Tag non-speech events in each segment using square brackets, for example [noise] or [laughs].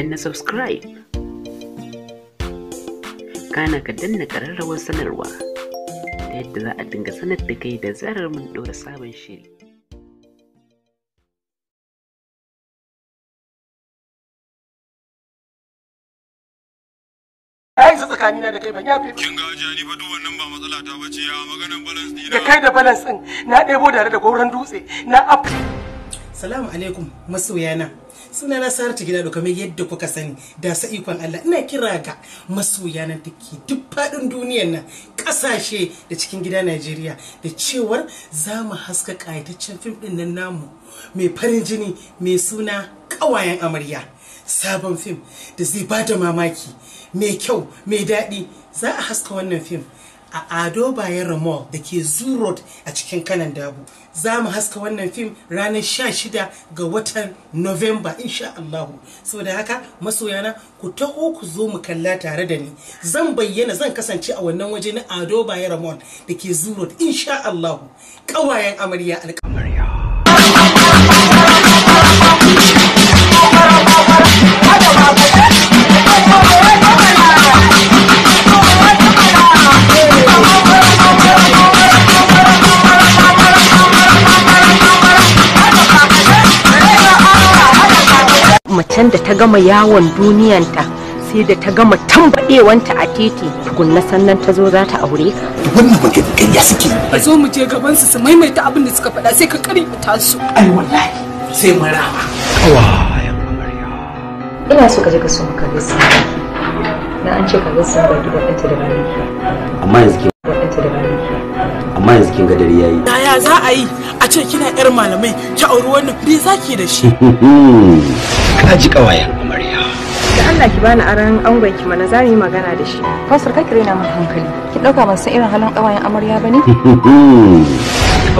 danna subscribe kana ka danna ƙararrawar sanarwa ta yadda za a dinga sanar da kai da zarar mun ɗora sabon shiri aisha tsakanina da kai ban yafe kin ga jani fa duk wannan ba matsala ta bace ya maganan balance dina da kai da balance din na ɗebo da da gauran dutse na af salamu alaikum masoyana suna na sa'ar ta gida kamar yadda kuka sani da sa ikon Allah ina kira ga masoya nan take duk faɗin duniyar nan ƙasashe da cikin gida Najeriya da cewar za mu haska kayataccen fim ɗin nan namu mai farin jini mai suna ƙawayen amarya sabon fim da zai ba da mamaki mai kyau mai daɗi za a haska wannan fim a ado bayero mall da ke zoo road a cikin kanan dabu za mu haska wannan fim ranar 16 ga watan november insha allahu saboda haka masoyana ku taho ku zo mu kalla tare da ni zan bayyana zan kasance a wannan waje na ado bayero mall da ke zoo road insha allahu ƙawayen amarya alƙamari can da ta gama yawon duniyanta sai da ta gama tambaɗewanta a titi tukunna sannan ta zo za ta aure ka. wannan maganin ya suke. a zo mu je gaban su su maimaita abin da suka faɗa sai ka kare ta su. ai wallahi sai maraba. awa ina so ka je ka so maka gaisa. na an ce ka gaisa ba duk waɗanta da bani. amma yanzu ke waɗanta da bani. cikin gadar yayi Naya za a yi a ce kina yar malamai ki auri wannan bi zaki da shi [laughs] ka ji kawayen amarya da Allah ki bani aran angon ki mana zamu yi magana da shi Fasar kake raina mun hankali ki dauka ban irin halin ƙawayen amarya bane [laughs]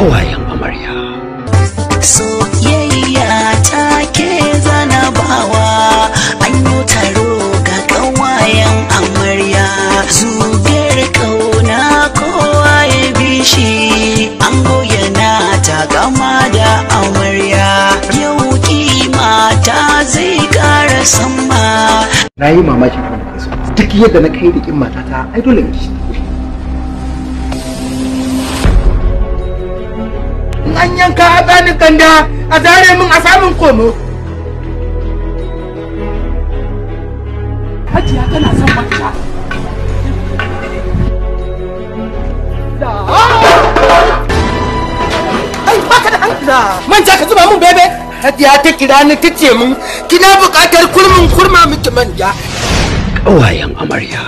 na yi mamakin abin kai so duk yadda na kai da kin matata ai dole ki shi in an yanka a bani kanda a zare min a samun komo hajiya tana son makka da ai baka da hankali manja ka zuba mun bebe hadiya ta kira ni ta ce min kina buƙatar kurmin kurma miki manja. Ƙawayen amarya.